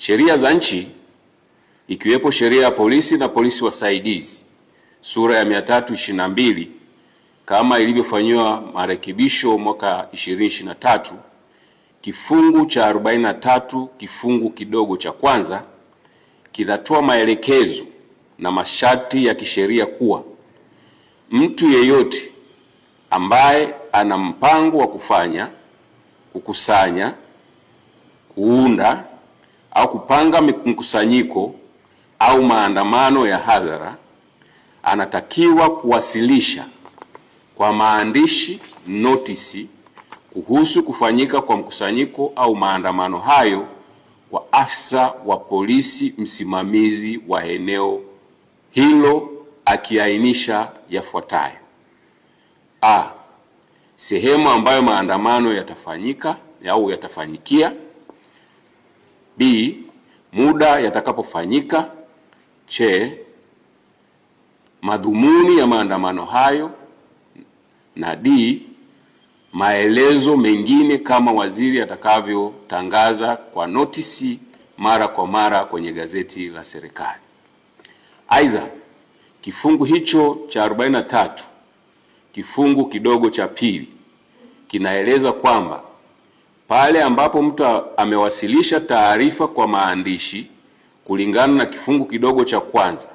Sheria za nchi ikiwepo sheria ya polisi na polisi wasaidizi sura ya 322 kama ilivyofanyiwa marekebisho mwaka 2023 kifungu cha 43 kifungu kidogo cha kwanza kinatoa maelekezo na masharti ya kisheria kuwa mtu yeyote ambaye ana mpango wa kufanya, kukusanya, kuunda au kupanga mkusanyiko au maandamano ya hadhara anatakiwa kuwasilisha kwa maandishi notisi kuhusu kufanyika kwa mkusanyiko au maandamano hayo kwa afisa wa polisi msimamizi wa eneo hilo akiainisha yafuatayo: a, sehemu ambayo maandamano yatafanyika au yatafanyikia B. Muda yatakapofanyika. C. Madhumuni ya maandamano hayo na D. Maelezo mengine kama waziri atakavyotangaza kwa notisi mara kwa mara kwenye gazeti la serikali. Aidha, kifungu hicho cha 43 kifungu kidogo cha pili kinaeleza kwamba pale ambapo mtu amewasilisha taarifa kwa maandishi kulingana na kifungu kidogo cha kwanza,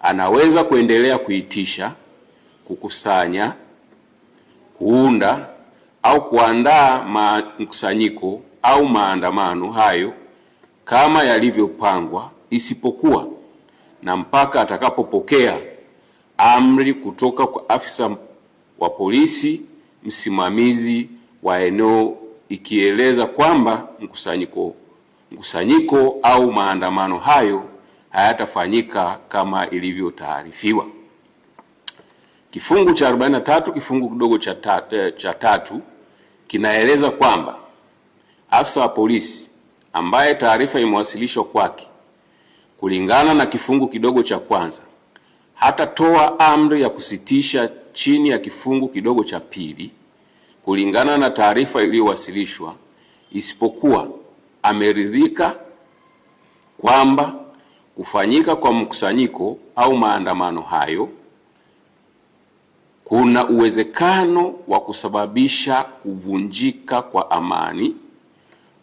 anaweza kuendelea kuitisha, kukusanya, kuunda au kuandaa mkusanyiko au maandamano hayo kama yalivyopangwa, isipokuwa na mpaka atakapopokea amri kutoka kwa afisa wa polisi msimamizi wa eneo ikieleza kwamba mkusanyiko, mkusanyiko au maandamano hayo hayatafanyika kama ilivyotaarifiwa. Kifungu cha 43 kifungu kidogo cha tatu, eh, cha tatu kinaeleza kwamba afisa wa polisi ambaye taarifa imewasilishwa kwake kulingana na kifungu kidogo cha kwanza hatatoa amri ya kusitisha chini ya kifungu kidogo cha pili kulingana na taarifa iliyowasilishwa, isipokuwa ameridhika kwamba kufanyika kwa mkusanyiko au maandamano hayo kuna uwezekano wa kusababisha kuvunjika kwa amani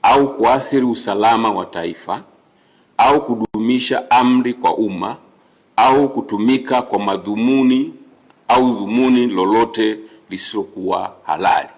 au kuathiri usalama wa taifa au kudumisha amri kwa umma au kutumika kwa madhumuni au dhumuni lolote lisilokuwa halali.